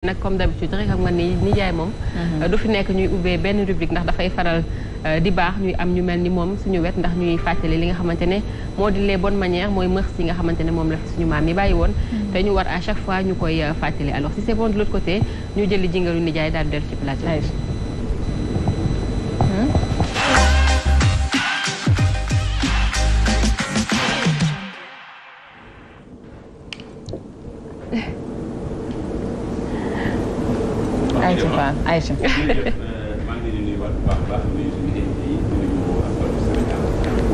nag comme d'habitude rek xam nga ni nijaay moom mhm. du fi nekk ñuy ubbee benn rubrique ndax dafay faral euh, di baax ñuy am ñu mel ni moom suñu wet ndax ñuy fàttali li nga xamante ne moo di les bonnes manières mooy mœurs yi nga xamante ne moom la suñu maam yi bàyyi woon mhm. te ñu war à chaque fois ñu koy euh, fàttali alors si c'est bon de l'autre côté ñu jëli jingalu nijaay daal dellu ci plateau waaw Aïcha.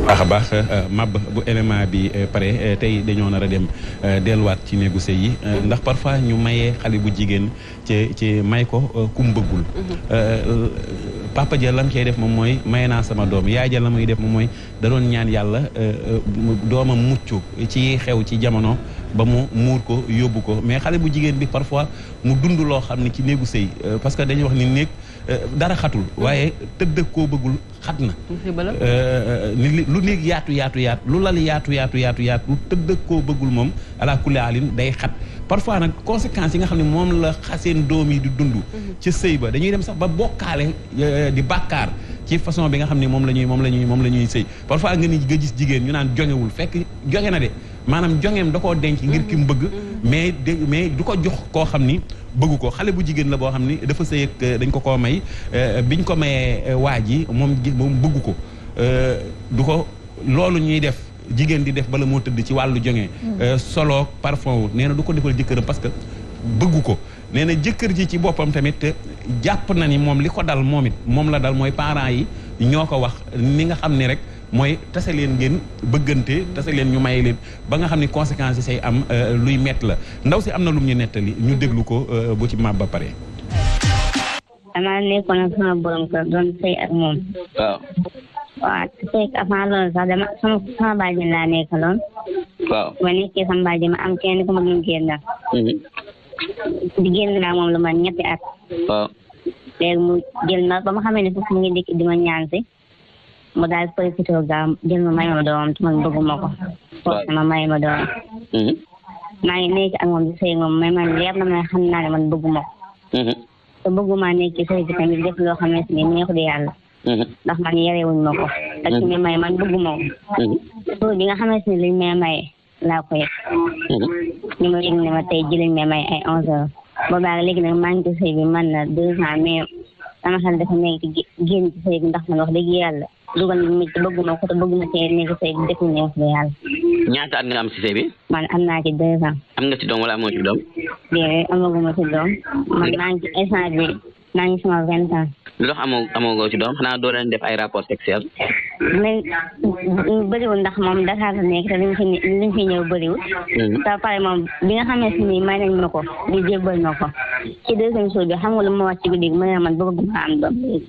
baax baax euh, mab bu élément bi euh, pare euh, tey dañoo nar dem delluwaat ci néegu sëy yi ndax parfois ñu mayee xale bu jigéen ci ci may ko kum bëggul mhm. papa ja lam cay def moom mooy may naa sama doom yaay ja la muy def moom mooy danoon ñaan yàlla doomam mucc ci xew ci jamono ba mu muur ko yóbbu ko mais xale bu jigéen bi parfois mu dund loo xam ne ci néegu sëy euh, parce que dañuy wax ni néeg euh, dara xatul waaye tëdd koo bëggul xat na euh, lu néeg yaatu yaatu yaat lu lal yaatu yaatu yaatu yaat lu tëdd koo bëggul moom ala kulli alin day xat parfois nag conséquences yi nga xam ne moom la xaseen doom yi di dund mhm. ci sëy ba dañuy dem sax ba bokkaale di bàkkaar ci façon bi nga xam ne moom la ñuy moom la ñuy moom la ñuy sëy parfois nga ni nga gis jigéen ñu naan jongewul fekk joŋe na de maanaam jongeem da koo denc ngir ki mu bëgg mm-hmm. mais mais du ko jox koo xam ni bëggu ko xale bu jigéen la boo xam ni dafa sëy ak euh, dañ ko koo may euh, biñ ko mayee euh, waa ji moom moom bëgg ko du ko loolu ñuy def jigéen di def bala moo tëdd ci wàllu jonge mm-hmm. solo parfum wu nee na du ko defal jëkkëram parce que bëgg ko nee na jëkkër ji ci boppam tamit jàpp na ni moom li ko dal moom it moom la dal mooy parents yi ñoo ko wax ni nga xam ni rek mooy tase leen ngeen bëggante tase ñu maye leen ba nga xam ne conséquence yi say am euh, luy mett la ndaw si am na lu ñu nettali ñu déglu ko euh, bu ci maam ba pare. damaa nekkoon ak sama borom kër doon sëy ak moom. waaw. waaw sëy ma nekkee sama bàjjen ma am kenn ku ma ñu génnal. Mhm. di génn naa moom lu man ñetti at. waaw. léegi mu jël na ba ma xamee ne foofu mu ngi dikk di ma ñaan si. mu daal profité gaaw jël ma may ma doomam te man bëgguma ko forcé ma may ma doomam maa ngi nekk ak moom ma sëy moom mais man leer na ma xam naa ne man bëgguma ko te bëgguma nekk sëy bi tamit def loo xam ne si neexul yàlla ndax man yarewuñ ma ko ak ki may may man bëgguma mm-hmm. ko bi nga xam ne si liñ may maye laa ko yëg ñu ma yëg may ay onze heures boobaag léegi nag maa ngi ci man na deux ans mais sama xel dafa nekk génn ci sëy bi ndax man wax dëgg yàlla dugal na métti bëgguma ko te bëgguma see nekk sëy bi def ne wax dëgg yàlla ñaata at nga am ci sëy bi man am naa ci deux ans am nga ci doom wala amoo ci doom déedéet amaguma ci doom man maa ngi ci instant bi ci doom xanaa doo leen def ay rapport mais bëriwul ndax moom Dakar la nekk te liñ fi liñ fi ñëw bëriwul. Mm-hmm. ba pare moom bi nga xamante ni may nañ ma ko di jébbal ma ko ci deuxième jour bi xam nga lu ma wax ci guddi gi ma ne man bëggagul ma am doom léegi.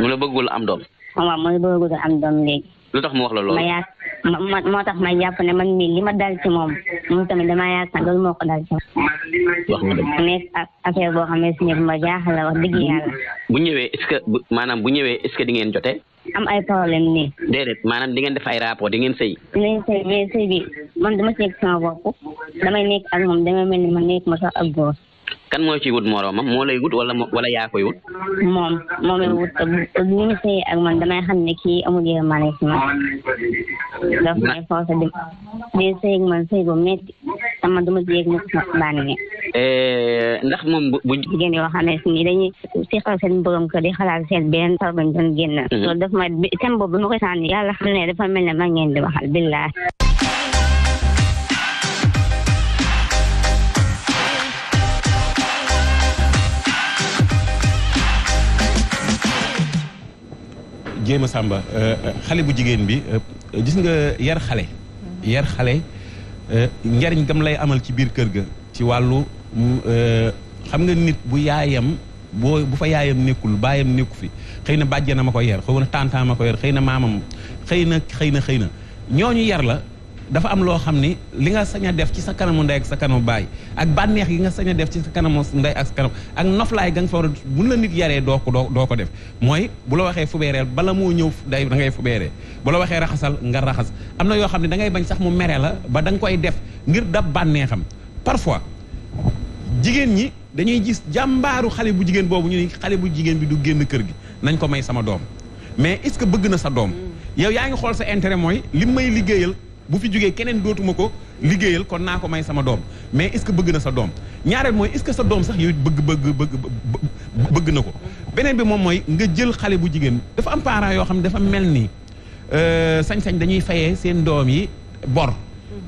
mu ne bëggul am doom. waaw man bëggagul am doom léegi. lu tax mu wax la loolu. ma yaa ma moo tax ma jàpp ne man mii li ma dal ci moom moom tamit damaa yaakaar loolu moo ko dal ci moom. wax nga dëgg nekk affaire boo xam ne si ma jaaxal la wax dëgg yàlla. bu ñëwee est-ce que maanaam bu ñëwee est-ce que di ngeen jotee. am ay problème nii. déedéet maanaam di ngeen def ay rapport di ngeen sëy. dinañ sëy bi man dama si nekk sama bopp damay nekk ak damay man nekk ma sax ak kan moo ciy wut moroomam moo lay wut wala wala yaa koy wut. moom moom lay wut te bu te bu ñu sëyee ak man damay xam ne kii amul ma ci man. daf sa forcé di day sëy man sëy bu metti ma dama jéeg mu baani mi. ndax moom bu bu. jigéen yoo xam ne si nii dañuy seqal seen borom kër di xalaat seen benn tool bañ doon génn. Mhm. loolu daf may thème boobu ma koy sànni yàlla xam ne dafa mel ne ma di waxal billaah. jéem a sàmba euh, euh, xale bu jigéen bi euh, gis nga yar xale yar xale njariñ gam lay amal ci biir kër ga ci wàllu xam nga nit bu yaayam boo bu fa yaayam nekkul baayam nekku fi xëy na bàjjanam a ko yar xëy na tàntaam ko yar xëy na maamam xëy na xëy na xëy na ñooñu yar la dafa am loo xam ni li nga sañ a def ci sa kanamu ndey ak sa kanamu baay ak bànneex yi nga sañ a def ci sa kanamu ndey ak sa kanam ak noflaay ga nga fa war a bu la nit yaree doo ko doo ko def mooy bu la waxee fubeereel bala moo ñëw day da ngay fubeeree bu la waxee raxasal nga raxas am na yoo xam ne da ngay bañ sax mu mere la ba da nga koy def ngir dab bànneexam parfois jigéen ñi dañuy gis jàmbaaru xale bu jigéen boobu ñu ne xale bu jigéen bi du génn kër gi nañ ko may sama doom mais est-ce que bëgg na sa doom mm. yow yaa ngi xool sa intérêt mooy li may liggéeyal bu fi jógee keneen dootuma ko liggéeyal kon naa ko may sama doom mais est-ce que bëgg na sa doom ñaareel mooy est-ce que sa doom sax yow bëgg bëgg bëgg bëgg na ko beneen bi moom mooy nga jël xale bu jigéen dafa am parents yoo xam ne dafa mel ni euh, sañ-sañ dañuy fayee seen doom yi bor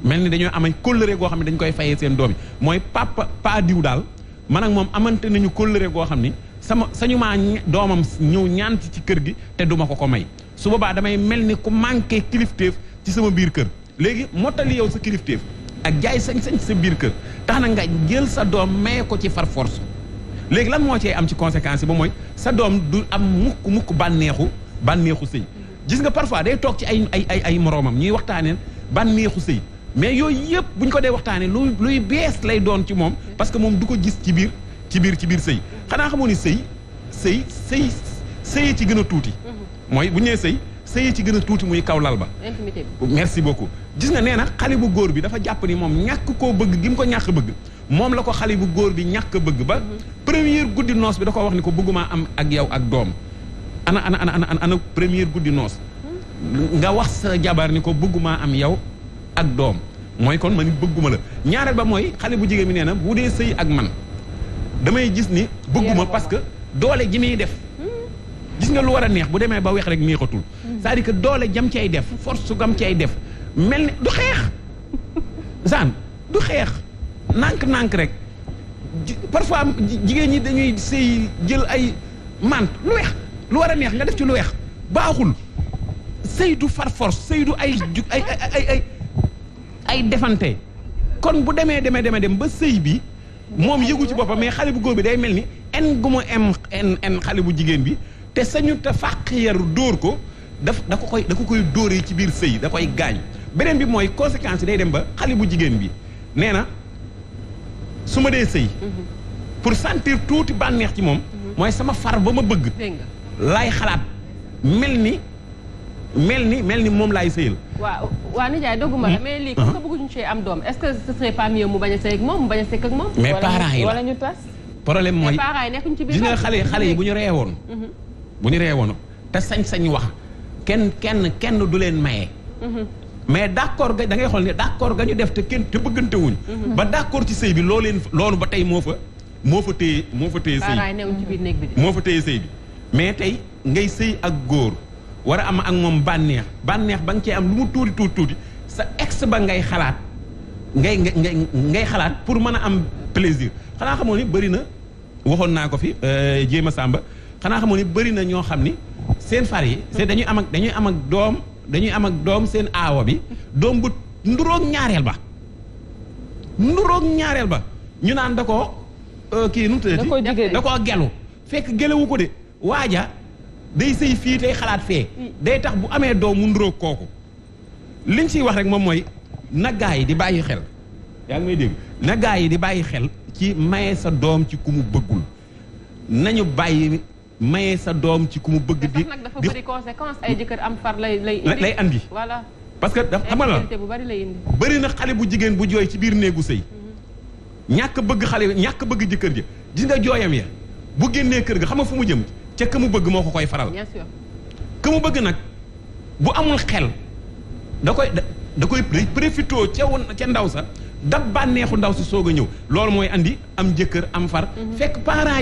mel ni dañoo amay kóllëre goo xam ne dañ koy fayee seen doom yi mooy papa pa diw daal man ak moom amante nañu kóllëre goo xam ni sama sañu maa doomam ñëw ñaan ci ci kër gi te duma ko ko may su boobaa damay mel ni ku manqué kilifteef ci sama biir kër léegi mottali yow sa kilifteef ak jaay sañ-sañ sa biir kër tax na nga jël sa doom maye ko ci far force léegi lan moo cee am ci conséquence yi ba mooy sa doom du am mukk mukk bànneexu bànneexu sëy gis nga parfois day toog ci ay ay ay ay moroomam ñuy waxtaaneen bànneexu sëy mais yooyu yëpp bu ñu ko dee waxtaanee lu luy bees lay doon ci moom parce que moom du ko gis ci biir ci biir ci biir sëy xanaa xamoo ni sëy sëy sëy sëy ci gën a tuuti mhm. mooy bu ñu nee sëy sëyee ci gën a tuuti muy kaw lal ba merci beaucoup gis nga nee na xale bu góor bi dafa jàpp ni moom ñàkk koo bëgg gi mu ko ñàkk bëgg moom la ko xale bu góor bi ñàkk bëgg ba mhm. première guddi noos bi da ko wax ni ko bëggumaa am ak yow ak doom ana ana ana ana ana première guddi noos hmm? nga wax jabar ni ko bëggumaa am yow ak doom mooy kon man bëgguma la ñaareel ba mooy xale bu jigéen bi nee na bu dee sëy ak man damay gis ni bëgguma parce que doole ji muy def hmm? gis nga lu war a neex bu demee ba weex rek neexatul c'est-à-dire doole jam ci ay def force su gam ci ay def mel ni du xeex zaan du xeex nànk-nànk rek parfois jigéen ñi dañuy sëy jël ay mant lu weex lu war a neex nga def ci lu weex baaxul sëy du far force sëy du ay ay ay ay defante kon bu demee deme demee dem ba sëy bi moom yëgu ci boppam mais xale bu góor bi day mel ni en gu mu en en xale bu jigéen bi te sañu te fàq yaru dóor ko daf da ko koy da ko koy dóoree ci biir sëy da koy gaañ beneen bi mooy conséquence day dem ba xale bu jigéen bi nee na su ma dee sëy mhm. pour sentir tuuti bànneex ci moom mhm. mooy sama far ba ma bëgg laay xalaat mel ni ni mel ni moom laay sëyal waaw waaw nijaay dogguma la hmm. mais lii comme uh-huh. que bëgguñu cee am doom est-ce que ce serait mu bañ a sëy ak moom a sëkk ak moom mais parents yi ñu tas problème mooy parents yi nekkuñ ci biir gis nga xale xale yi bu ñu reewoon mhm. bu ñu reewoon te sañ-sañ wax kenn kenn kenn du leen maye. Mhm. mais d'accord ga da ngay xool ne d'accord ga ñu def te kenn te bëggante wuñ. Mhm. ba d'accord ci sëy bi loo leen loolu ba tey moo fa moo fa téye moo fa téye sëy bi moo fa téye sëy bi mais tey ngay sëy ak góor war a am ak moom bànneex bànneex ba nga cee am lu mu tuuti tuuti tuuti sa ex ba ngay xalaat ngay ngay ngay xalaat pour mën a am plaisir xanaa xamoo ni bëri na waxoon naa ko fi euh, jéem a sàmba xanaa xamoo ni bëri na ñoo xam ni. seen far yi seen dañuy amag ak dañuy am ak doom dañuy am ak doom seen aawo bi doom bu nduroog ñaareel ba nduroog ñaareel ba ñu naan da ko euh, kii nu mu tëddati da koo gelu fekk gelewu ko de waaja day sëy fii tey xalaat fee mm. day tax bu amee doom mu nduroog kooku liñ ciy wax rek moom mooy na yi di bàyyi xel yaa may dégg yi di bàyyi xel ci maye sa doom ci ku mu bëggul nañu bàyyi maye sa doom ci ku mu bëgg di nag dafa bëri conséquence ay jëkkër am far lay lay indi lay andi voilà parce que daf xamal la bu bari lay bëri na xale bu jigéen bu jooy ci biir néegu sëy mhm. ñàkk bëgg xale ñàkk bëgg jëkkër ja gis nga jooyam ya bu génnee kër ga xam nga fu mu jëm ca ka mu bëgg moo ko koy faral bien sûr ka mu bëgg nag bu amul xel da koy da koy profité ca woon ca ndaw sa dab bànneexu ndaw si soog a ñëw loolu mooy indi am jëkkër am far mhm. fekk parents